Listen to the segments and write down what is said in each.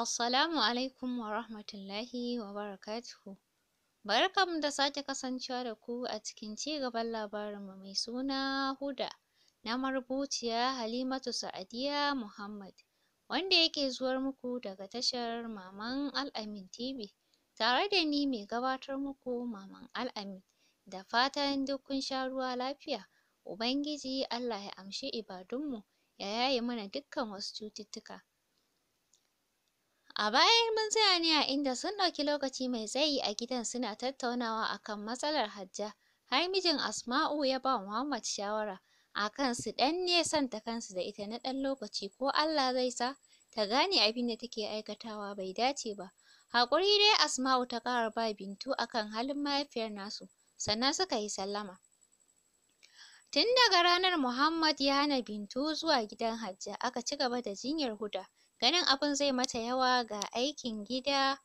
Assalamu alaikum wa rahmatullahi wa barakatuhu. Barkanmu da sake kasancewa da ku a cikin ci gaban labarinmu mai suna Huda na marubuciya Halimatu Sa'adiya Muhammad wanda yake zuwar muku daga tashar Maman Al'amin TV tare da ni mai gabatar muku Maman Al'amin da fatan duk kun sha ruwa lafiya Ubangiji Allah ya amshi ibadunmu ya yaye mana dukkan wasu cututtuka. A bayan mun tsaya ne a inda sun ɗauki lokaci mai tsayi a gidan suna tattaunawa akan matsalar Hajja, har mijin Asma'u ya ba Muhammad shawara akan su ɗan nesanta kansu da ita na ɗan lokaci ko Allah zai sa ta gane abin da take aikatawa bai dace ba. Haƙuri dai Asma'u ta ƙara ba Bintu akan halin mahaifiyar nasu, sannan suka yi sallama. Tun daga ranar Muhammad ya hana Bintu zuwa gidan Hajja aka cigaba da jinyar Huda. ganin abun zai mata yawa ga aikin gida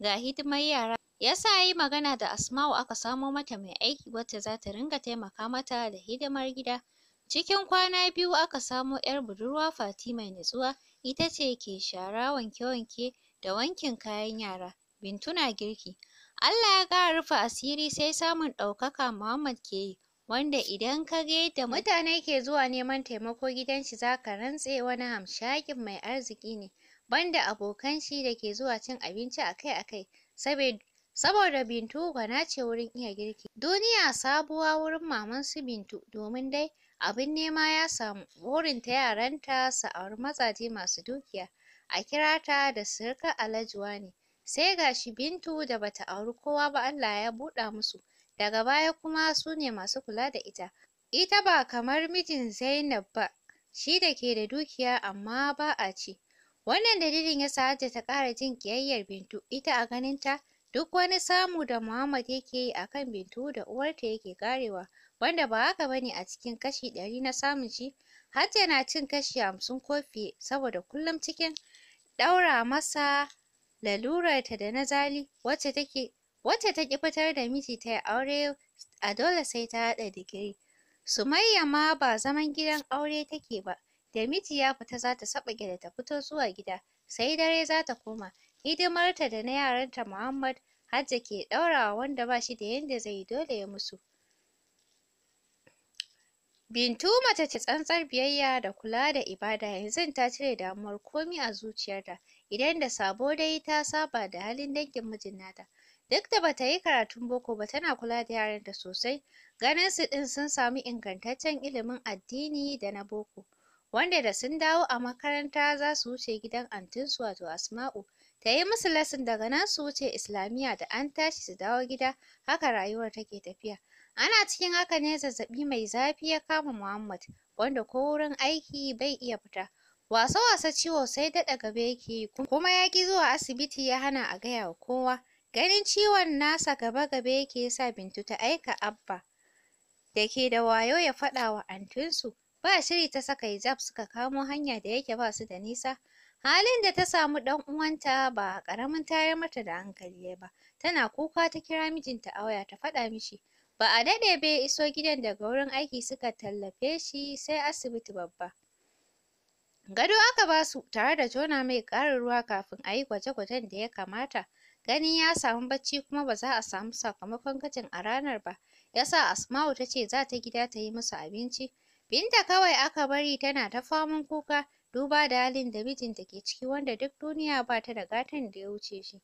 ga hidimar yara yasa yayi magana da Asma'u aka samo mata mai aiki wacce zata ringa taimaka mata da hidimar gida cikin kwana biyu aka samo 'yar budurwa Fati mai natsuwa ita ce ke shara wanke-wanke da wankin kayan yara Bintu na girki Allah ya ƙara rufe asiri sai samun ɗaukaka Muhammad ke yi wanda idan ka ga yadda mm. mutane ke zuwa neman taimako gidan shi za ka rantse wani hamshakin mai arziki ne banda abokan shi da ke zuwa cin abinci akai-akai saboda Bintu gwana ce wurin iya girki. Duniya sabuwa wurin maman su Bintu domin dai abin nema ya samu burinta yaranta su auri mazaje masu dukiya a kira ta da surukar Alhaji ne. sai ga shi Bintu da bata auri kowa ba Allah ya buɗa musu daga baya kuma sune masu kula da ita ita ba kamar mijin Zainab ba shi da ke da dukiya amma ba a ci wannan dalilin ya sa Hajja ta ƙara jin ƙiyayyar Bintu ita a ganin ta duk wani samu da Muhammad yake yi akan Bintu da uwarta yake ƙarewa wanda ba haka bane a cikin kashi ɗari na samun shi Hajja na cin kashi hamsin ko fiye saboda kullum cikin ɗaura masa lalurarta da na zali wacce take wacce ta ƙi fitar da miji ta yi aure a dole sai ta haɗa digiri. Sumayya ma ba zaman gidan aure take ba, da miji ya fita za ta saɓage da ta fito zuwa gida, sai dare za ta koma. Hidimarta da na yaranta Muhammad Hajja ke ɗaurawa wanda ba shi da yanda zai yi dole ya musu. Bintu mace ce tsantsar biyayya da kula da ibada yanzu ta cire damuwar komi a zuciyarta idan da sabo dai ta saba da halin dangin mijin nata duk da bata yi karatun boko ba tana kula da yaranta sosai ganin su ɗin sun samu ingantaccen ilimin addini da na boko wanda da sun dawo a makaranta za su wuce gidan antinsu wato Asma'u ta yi musu lesson daga nan su wuce Islamiyya da an tashi su dawo gida haka rayuwar take tafiya ana cikin haka ne zazzaɓi mai zafi ya kama Muhammad wanda ko wurin aiki bai iya fita wasa wasa ciwo sai daɗa gaba yake yi kuma ya ƙi zuwa asibiti ya hana a gaya wa kowa ganin ciwon nasa gaba gaba yake sa Bintu ta aika Abba da ke da wayo ya faɗa wa antinsu ba shiri ta saka hijab suka kamo hanya da yake ba su da nisa halin da ta samu ɗan uwanta ba ƙaramin tayar mata da hankali ba tana kuka ta kira mijinta a waya ta faɗa mishi ba a daɗe bai iso gidan daga wurin aiki suka tallafe shi sai asibiti babba Gado aka ba su tare da jona mai ƙarin ruwa kafin a yi gwaje-gwajen da ya kamata. Ganin ya samu bacci kuma ba za a samu sakamakon gajin a ranar ba, ya sa Asma'u ta ce za ta gida ta yi musu abinci. Binta kawai aka bari tana ta faman kuka duba da halin da mijinta ke ciki wanda duk duniya ba ta da gatan da ya wuce shi.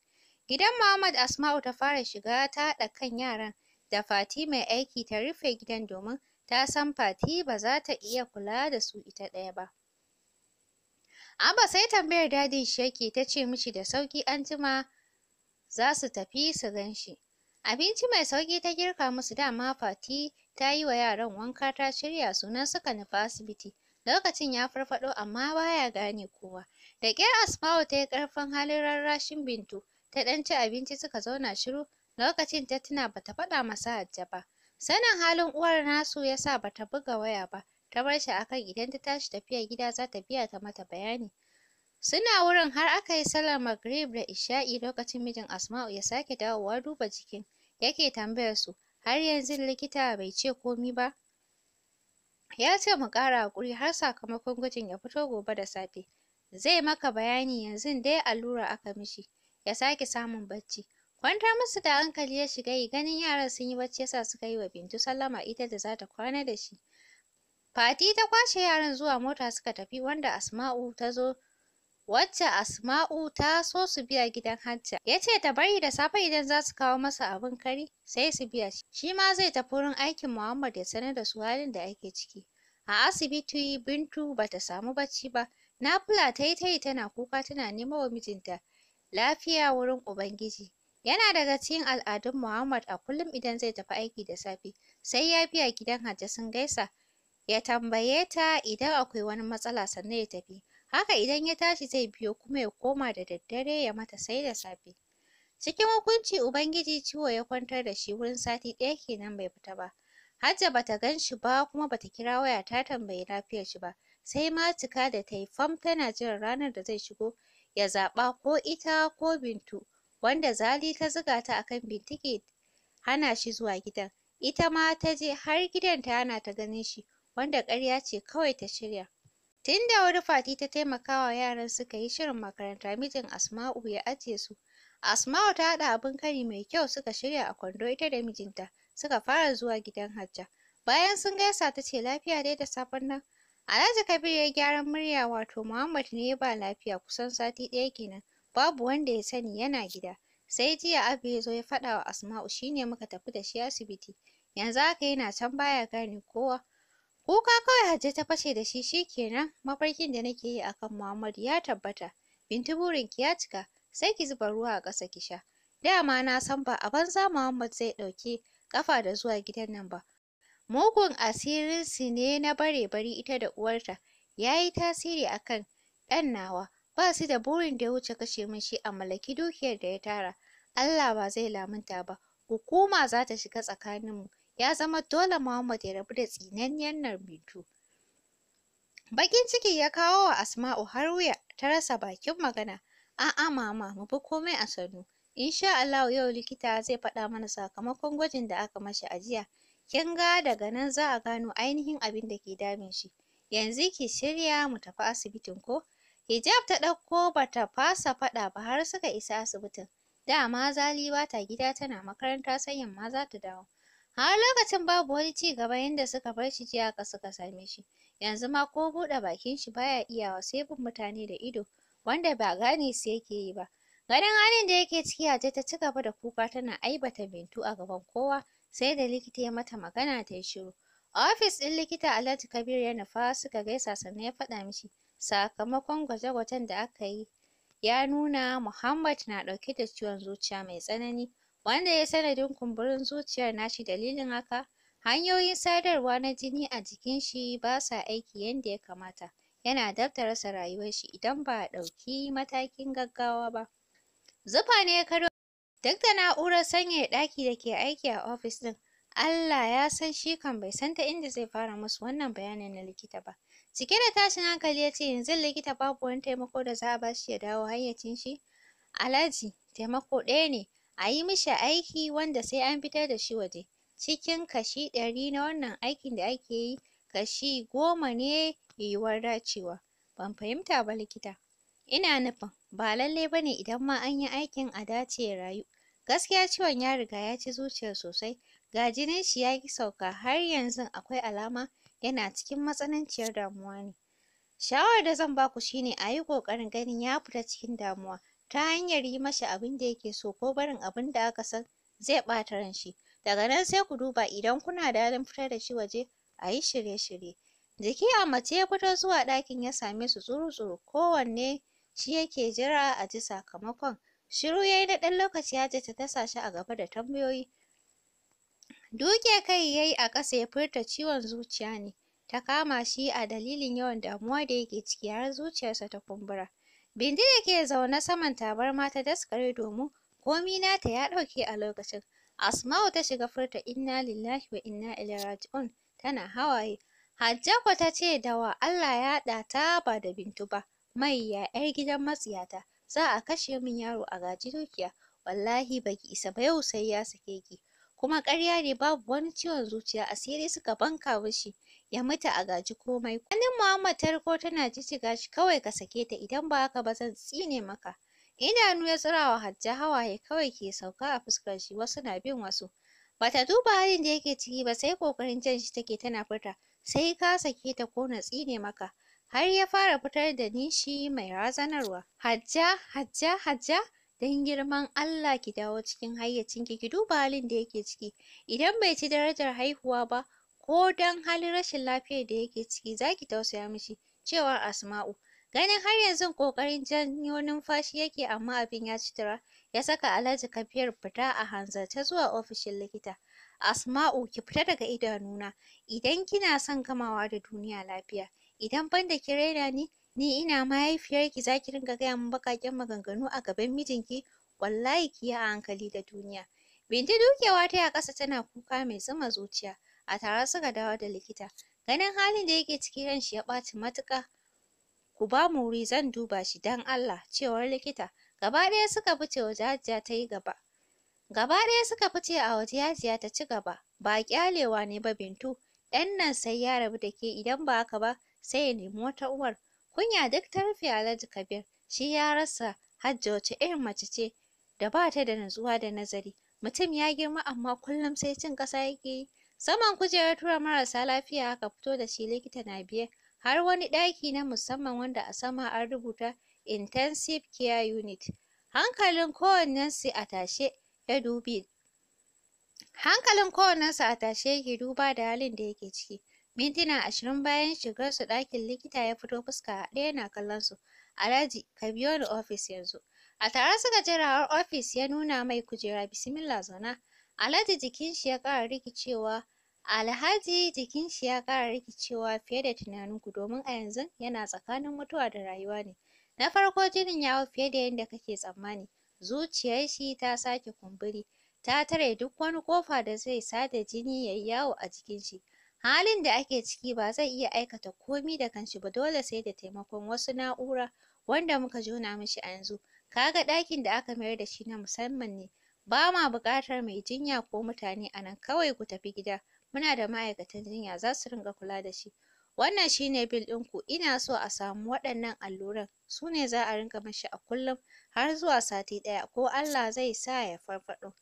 Gidan Muhammad Asma'u ta fara shiga ta haɗa kan yaran da Fati mai aiki ta rufe gidan domin ta san Fati ba za ta iya kula da su ita ɗaya ba. Amma sai tambayar dadin shi yake ta ce mishi da sauki an jima za su tafi su gan shi. Abinci mai sauki ta girka musu dama Fati ta yi wa yaran wanka ta shirya su nan suka nufi asibiti. Lokacin ya farfaɗo amma baya gane kowa. Da ƙyar Asma'u ta yi ƙarfin halin rarrashin Bintu ta ɗan ci abinci suka zauna shiru lokacin ta tuna bata faɗa masa Hajja ba. Sanin halin uwar nasu ya sa bata buga waya ba ta bar shi akan idan ta tashi tafiya gida za ta biya ta mata bayani suna wurin har aka yi sallar magrib da isha'i lokacin mijin asma'u ya sake dawowa duba jikin yake tambayar su har yanzu likita bai ce komi ba ya ce mu ƙara haƙuri har sakamakon gwajin ya fito gobe da safe zai maka bayani yanzu dai allura aka mishi ya sake samun bacci kwantar musu da hankali ya shiga yi ganin yaran sun yi bacci yasa suka yi wa Bintu sallama ita da za ta kwana da shi Fati ta kwashe yaran zuwa mota suka tafi wanda Asma'u ta zo wacce Asma'u ta so su biya gidan Hajja. Ya ce ta bari da safe idan za su kawo masa abin kari sai su biya shi. Shi ma zai tafi wurin aikin Muhammad ya sanar da su halin da ake ciki. A asibiti Bintu bata samu bacci ba. Nafula ta yi ta yi tana kuka tana nema wa mijinta lafiya wurin Ubangiji. Yana daga cikin al'adun Muhammad a kullum idan zai tafi aiki da safe sai ya biya gidan Hajja sun gaisa. ya tambaye ta idan akwai wani matsala sannan ya tafi haka idan ya tashi zai biyo kuma ya koma da daddare ya mata sai da safe cikin hukunci ubangiji ciwo ya kwantar da shi wurin sati ɗaya kenan bai fita ba Hajja bata gan shi ba kuma bata kira waya ta tambayi lafiyar shi ba sai ma cika da tayi fam tana jiran ranar da zai shigo ya zaɓa ko ita ko Bintu wanda Zali ta zuga ta akan Bintu ke hana shi zuwa gidan ita ma taje har gidan ta hana ta ganin shi wanda ƙarya ce kawai ta shirya. Tun da wuri Fati ta taimakawa yaran suka yi shirin makaranta mijin Asma'u ya ajiye su. Asma'u ta haɗa abin kari mai kyau suka shirya a kwando ita da mijinta suka fara zuwa gidan Hajja. Bayan sun gaisa ta ce lafiya dai da safen nan. Alhaji Kabir ya gyaran murya wato Muhammad ne ya ba lafiya kusan sati ɗaya kenan babu wanda ya sani yana gida. Sai jiya Abu ya zo ya faɗa wa Asma'u shi ne muka tafi da shi asibiti. Yanzu haka yana can baya gane kowa. Kuka kawai Hajja ta fashe da shi shi kenan mafarkin da nake yi akan Muhammadu ya tabbata. Binti burinki ya cika sai ki zuba ruwa a ƙasa ki sha. Dama na san ba a banza Muhammad zai ɗauki ƙafa da zuwa gidan nan ba. Mugun asirinsu ne na bare bari ita da uwarta ya yi tasiri kan ɗan nawa ba su da burin da ya wuce kashe min shi a mallaki dukiyar da ya tara. Allah ba zai lamunta ba hukuma za ta shiga tsakaninmu ya zama dole Muhammad ya rabu da tsinanniyar Narmitu. Bakin ciki ya kawo wa Asma'u har wuya ta rasa bakin magana. A'a mama, mu bi komai a sannu. Insha Allah yau likita zai faɗa mana sakamakon gwajin da aka mashi a jiya. Kin ga daga nan za a gano ainihin abin da ke damin shi. Yanzu ki shirya mu tafi asibitin ko? Hijab ta ɗauko ba ta fasa faɗa ba har suka isa asibitin. Dama Zali ba ta gida tana makaranta sai yamma za ta dawo. Har lokacin babu wani ci gaba yanda suka bar shi jiya haka suka same shi. Yanzu ma ko buɗe bakin shi baya iyawa sai bin mutane da ido wanda ba gane su yake yi ba. Ganin halin da yake ciki a ta ci gaba da kuka tana aibata Bintu a gaban kowa sai da likita ya mata magana ta yi shiru. ofis ɗin likita Alhaji Kabir ya nufa suka gaisa sannan ya faɗa mishi sakamakon gwaje-gwajen da aka yi ya nuna Muhammad na ɗauke da ciwon zuciya mai tsanani wanda ya sanadin kumburin zuciyar nashi dalilin haka hanyoyin sadarwa na jini a jikin shi basa aiki yanda ya kamata yana dab da rasa rayuwar shi idan ba a ɗauki matakin gaggawa ba zufa ne ya karyo duk da na'urar sanyaya ɗaki da ke aiki a ofis ɗin Allah ya san shi kan bai san ta inda zai fara musu wannan bayanin na likita ba cike da tashin hankali ya ce yanzu likita babu wani taimako da za a bashi ya dawo hayyacin shi Alhaji taimako ɗaya ne a yi mishi aiki wanda sai an fitar da shi waje cikin kashi ɗari na wannan aikin da ake yi kashi goma ne yiwuwar dacewa ban fahimta ba likita ina nufin ba lallai ba ne idan ma an yi aikin a dace ya rayu gaskiya ciwon ya riga ya ci zuciyar sosai ga jinin shi ya ƙi sauka har yanzu akwai alama yana cikin matsananciyar damuwa ne shawarar da zan ba ku shi ne a yi ƙoƙarin ganin ya fita cikin damuwa ta hanyar yi mashi abin da yake so ko barin abin da aka san zai ɓata ran shi. Daga nan sai ku duba idan kuna da halin fitar da shi waje a yi shirye-shirye. Jiki a mace ya fito zuwa ɗakin ya same su tsuru-tsuru kowanne shi yake jira a ji sakamakon. Shiru ya yi na ɗan lokaci Hajiya ta dasa shi a gaba da tambayoyi. Duke kai ya yi a ƙasa ya furta ciwon zuciya ne ta kama shi a dalilin yawan damuwa da yake ciki har zuciyarsa ta kumbura. Bindi da ke zaune saman tabarma ta daskare domin komi nata ya ɗauke a lokacin. Asma'u ta shiga furta inna lillahi wa inna ilaihi raji'un tana hawaye. Hajjako ta ce da wa Allah ya haɗa ta ba da Bintu ba, mai ya 'yar gidan matsiyata, za a kashe min yaro a gaji dukiya, wallahi baki isa ba yau sai ya sake ki. kuma ƙarya ne babu wani ciwon zuciya asiri suka banka mishi ya mutu a gaji komai ganin Muhammad ta riko tana jijjiga shi kawai ka sake ta idan ba haka ba zan tsine maka idanu ya tsirawa Hajja hawaye kawai ke sauka a fuskar shi wasu na bin wasu bata duba halin da yake ciki ba sai ƙoƙarin jan shi take tana furta sai ka sake ta ko na tsine maka har ya fara fitar da nishi mai razanarwa hajja hajja hajja don girman Allah ki dawo cikin hayyacinki ki duba halin da yake ciki idan bai ci darajar haihuwa ba ko don halin rashin lafiyar da yake ciki zaki tausaya mishi cewar Asma'u ganin har yanzu ƙoƙarin janyo numfashi yake amma abin ya ci tura ya saka Alhaji Kabir fita a hanzarta zuwa ofishin likita Asma'u ki fita daga idanuna idan kina son gamawa da duniya lafiya idan banda ki raina ni ni ina mahaifiyarki za ki ringa gaya min baƙaƙen maganganu a gaban mijinki wallahi ki yi a hankali da duniya binti dukewa ta ya a ƙasa tana kuka mai zuma zuciya a tare suka dawo da likita ganin halin da yake ciki ran shi ya ɓaci matuƙa ku ba mu wuri zan duba shi don Allah cewar likita gaba ɗaya suka fice waje Hajiya ta yi gaba gaba ɗaya suka fice a waje Hajiya ta ci gaba ba ƙyalewa ne ba Bintu ɗan nan sai ya rabu da ke idan ba haka ba sai ya nemi wata uwar Kunya duk ta rufe Alhaji Kabir, shi ya rasa Hajja wace irin mace ce da ba ta da natsuwa da nazari. Mutum ya girma amma kullum sai cin ƙasa yake yi. Saman kujerar tura marasa lafiya aka fito da shi likita na biyar, har wani ɗaki na musamman wanda a sama an rubuta Intensive Care Unit. Hankalin kowannensu a tashe ya dubi Hankalin kowannensu a tashe yake duba da halin da yake ciki. Mintuna ashirin bayan shigar su ɗakin likita ya fito fuska haɗe yana kallon su. Alhaji, ka biyo ni ofis yanzu. A tare suka je rawar ofis ya nuna mai kujera Bisimila, zauna. Alhaji jikin shi ya ƙara rikicewa Alhaji jikin shi ya ƙara rikicewa fiye da tunaninku domin a yanzu yana tsakanin mutuwa da rayuwa ne. Na farko jinin ya hau fiye da yadda kake tsammani. Zuciyar shi ta sake kumburi, ta tare duk wani ƙofa da zai sada jini yayi yawo a jikin shi. halin da ake ciki ba zai iya aikata komi da kanshi ba dole sai da taimakon wasu na'ura wanda muka jona mishi a yanzu kaga ɗakin da aka mayar da shi na musamman ne ba ma buƙatar mai jinya ko mutane a nan kawai ku tafi gida muna da ma'aikatan jinya za su ringa kula da shi wannan shine bil ɗin ku ina so a samu waɗannan alluran su ne za a ringa mishi a kullum har zuwa sati ɗaya ko Allah zai sa ya farfaɗo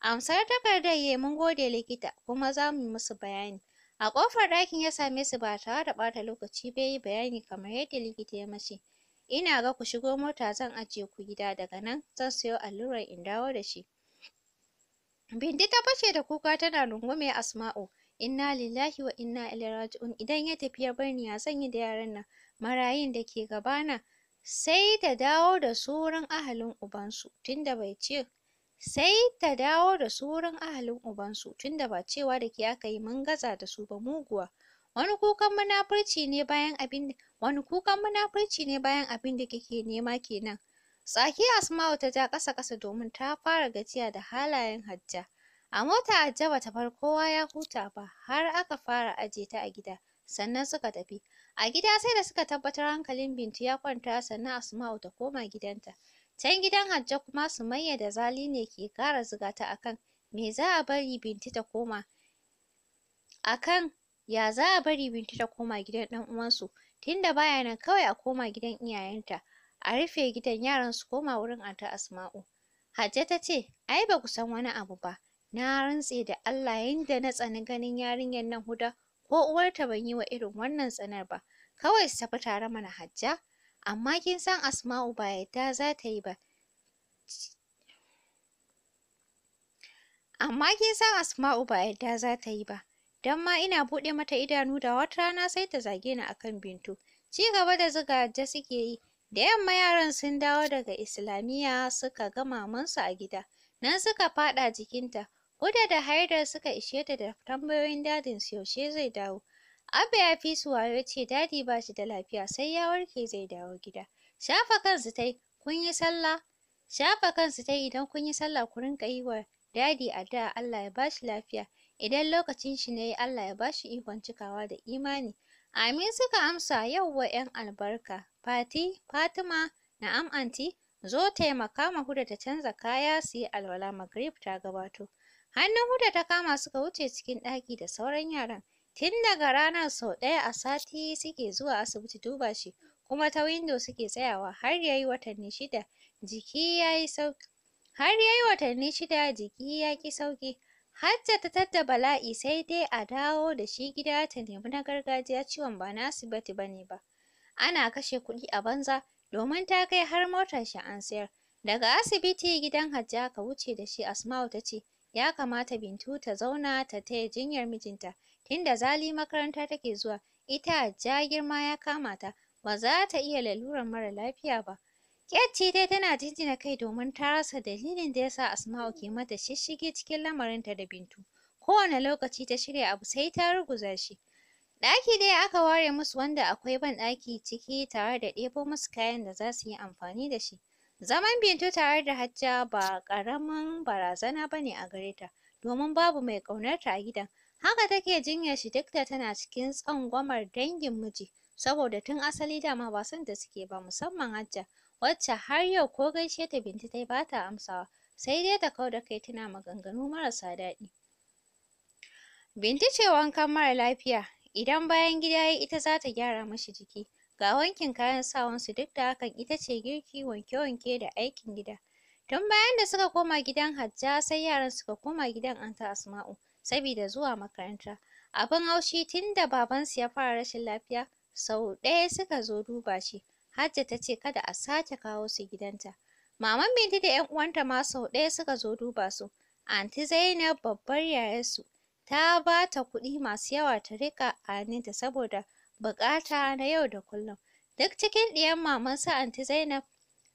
amsar takardar ye mun gode likita kuma za mu yi musu bayani A ƙofar ɗakin ya same su ba tare da ɓata lokaci ba yi bayani kamar yadda likita ya mace. Ina ga ku shigo mota zan ajiye ku gida daga nan zan sayo allurar in dawo da shi. Bindi ta fashe da kuka tana rungume Asma'u. Inna lillahi wa inna ilaihi raji'un idan ya tafi ya bar ni ya zan yi da yaran nan marayun da ke gabana sai ta dawo da su ahalin ubansu tunda bai ce sai ta dawo da su wurin ahalin ubansu tunda ba cewa da ke aka yi mun gaza da su ba muguwa wani kukan munafurci ne bayan abin wani kukan munafurci ne bayan abin da kike nema kenan tsaki Asma'u ta ja ƙasa ƙasa domin ta fara gajiya da halayen Hajja a mota Hajja ta bar kowa ya huta ba har aka fara aje ta a gida sannan suka tafi a gida sai da suka tabbatar hankalin Bintu ya kwanta sannan Asma'u ta koma gidanta Can gidan Hajja kuma su Sumayya da Zali ne ke ƙara zuga ta akan me za a bari ta koma akan ya za a bari bintu ta koma gidan ɗan uwansu tunda baya nan kawai a koma gidan iyayenta a rufe gidan yaran su koma wurin Anta Asma'u. Hajja ta ce ai ba ku san wani abu ba na rantse da Allah yanda na tsani ganin yarinyar nan Huda ko uwarta ban yi wa irin wannan tsanar ba kawai su tafi tare mana Hajja amma kin san Asma'u ba yadda za ta yi ba amma kin san Asma'u ba yadda za ta yi ba don ma ina buɗe mata idanu da wata rana sai ta zage ni kan Bintu ci gaba da zuga da suke yi da yamma yaran sun dawo daga Islamiyya suka ga mamansu a gida nan suka faɗa jikinta Huda da Haidar suka ishe ta da tambayoyin dadinsu yaushe zai dawo Abba ya fi su wayo ce dadi ba shi da lafiya sai ya warke zai dawo gida. Shafa kansu ta yi kun yi sallah. Shafa kansu ta idan kun yi sallah ku rinƙa yi wa dadi addu'a Allah ya ba shi lafiya. Idan lokacin shi ne Allah ya ba shi ikon cikawa da imani. Amin suka amsa yauwa 'yan albarka. Fati, Fatima, na'am anti, zo taimaka ma Huda ta canza kaya su yi alwala magrib ta gabato. Hannun Huda ta kama suka wuce cikin ɗaki da sauran yaran. Tun daga ranar sau ɗaya a sati suke zuwa asibiti duba shi, kuma ta windo suke tsayawa har ya yi watanni shida jiki ya yi sauƙi. Har ya watanni shida jiki ya ƙi sauƙi. Hajja ta tadda bala'i sai dai a dawo da shi gida ta nemi na gargajiya ciwon ba na asibiti ba ne ba. Ana kashe kuɗi a banza domin ta kai har motar shi an sayar. Daga asibiti gidan Hajja ka wuce da shi Asma'u ta ce ya kamata Bintu ta zauna ta taya jinyar mijinta tunda Zali makaranta take zuwa ita ja girma ya kama ta ba za ta iya laluran mara lafiya ba. Ƙyacce dai tana jinjina kai domin ta rasa dalilin da ya sa Asma'u ke mata shishshige cikin lamarinta da Bintu. Kowane lokaci ta shirya abu sai ta ruguza shi. Ɗaki dai aka ware musu wanda akwai ban banɗaki ciki tare da ɗebo musu kayan da za su yi amfani da shi. Zaman Bintu tare da Hajja ba ƙaramin barazana ba ne a gare ta, domin babu mai ƙaunarta a gidan. Haka take jinyar shi duk da tana cikin tsangwamar dangin miji, saboda tun asali dama ba son ta suke ba musamman Hajja, wacce har yau ko gaishe ta Binta tai ba ta amsawa, sai dai ta kau da kai tana maganganu marasa daɗi. Binta ce wankan mara lafiya, idan bayan gida ya yi ita za ta gyara mashi jiki. Ga wankin kayan sawansu duk da hakan ita ce girki, wanke-wanke da aikin gida. Tun bayan da suka koma gidan Hajja sai yaran suka koma gidan Anta Asma'u sabida zuwa makaranta. Abin haushi tun da babansu ya fara rashin lafiya sau ɗaya suka zo duba shi. Hajja ta ce kada a sake kawo su gidanta. Maman Binta da 'yan uwanta ma sau ɗaya suka zo duba su. Anti Zainab babbar yayarsu ta ba ta kuɗi masu yawa ta riƙa aninta saboda buƙata na yau da kullum. Duk cikin ɗiyan maman Anti Zainab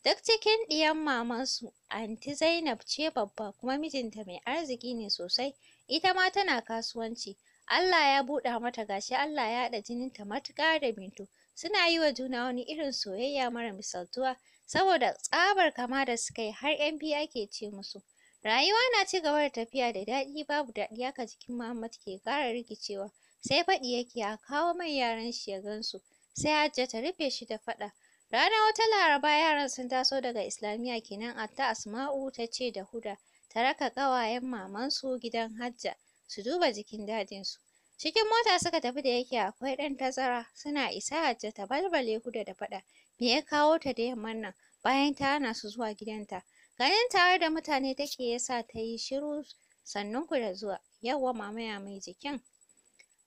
Duk cikin ɗiyan mamansu, Anti Zainab ce babba kuma mijinta mai arziki ne sosai, ita ma tana kasuwanci. Allah ya buɗa mata gashi Allah ya haɗa jinin ta matuƙa da Bintu. Suna yi wa juna wani irin soyayya mara misaltuwa, saboda tsabar kama da suka yi har ‘yan biyu ake ce musu. Rayuwa na ci gaba da tafiya da daɗi babu daɗi haka jikin Muhammad ke ƙara rikicewa, sai faɗi yake a kawo mai yaran shi ya gansu, sai Hajja ta rufe shi da faɗa. Ranar wata Laraba yaran sun taso daga Islamiyya kenan Atta Asma'u ta ce da Huda ta raka ƙawayen mamansu gidan Hajja su duba jikin dadinsu. Cikin mota suka tafi da yake akwai ɗan tazara suna isa Hajja ta balbale Huda da faɗa me ya kawo ta da yamman nan bayan ta hana su zuwa gidanta. Ganin tare da mutane take ya sa ta yi shiru sannunku da zuwa yawwa mama ya mai jikin.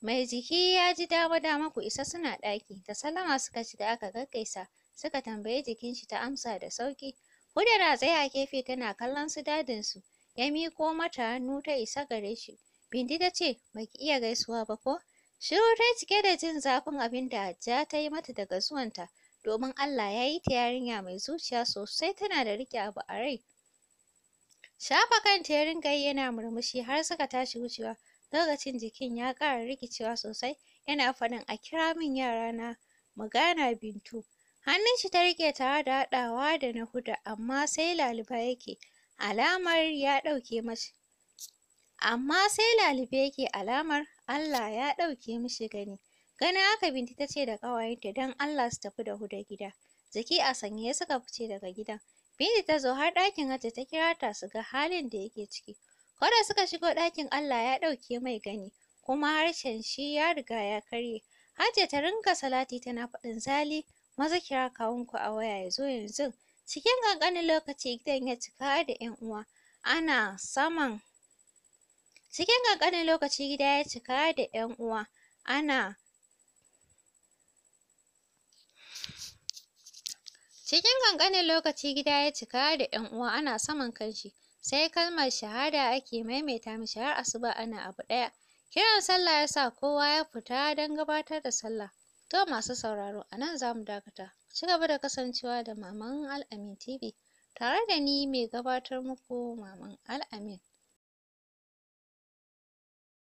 Mai jiki ya ji dama dama ku isa suna ɗaki da salama suka ci da aka gaggaisa suka tambayi jikin shi ta amsa da sauki Hudara tsaye a gefe tana kallon su dadin su ya miko mata hannu ta isa gare shi Bindi ta ce baki iya gaisuwa ba ko shiru ta cike da jin zafin abinda da ta yi mata daga zuwanta domin Allah ya yi ta yarinya mai zuciya sosai tana da riƙe abu a rai shafa kanta ya ringa yi yana murmushi har suka tashi wucewa lokacin jikin ya ƙara rikicewa sosai yana faɗin a kira min yarana mu gana Bintu Hannun shi ta riƙe tare da haɗawa da na Huda amma sai laliba yake alamar ya ɗauke mashi. Amma sai lalibe yake alamar Allah ya ɗauke mashi gani. Ganin haka Binti ta ce da ƙawayenta don Allah su tafi da Huda gida. Jiki a sanye suka fice daga gidan. Binti ta zo har ɗakin Hajji ta kira ta su ga halin da yake ciki. Ko da suka shigo ɗakin Allah ya ɗauke mai gani kuma harshen shi ya riga ya karye. Hajji ta rinka salati tana faɗin zali maza kira kawunku a waya yazo zo yanzu cikin ƙanƙanin lokaci gidan ya cika da ƴan uwa ana saman cikin ƙanƙanin lokaci gida ya cika da ƴan uwa ana cikin ƙanƙanin lokaci gida ya cika da ƴan uwa ana saman kanshi sai kalmar shahada ake maimaita mishi har asuba ana abu ɗaya kiran sallah yasa kowa ya fita don gabatar da sallah To masu sauraro a nan za mu dakata. Ku ci gaba da kasancewa da Maman Al'amin TV tare da ni mai gabatar muku Maman Al'amin.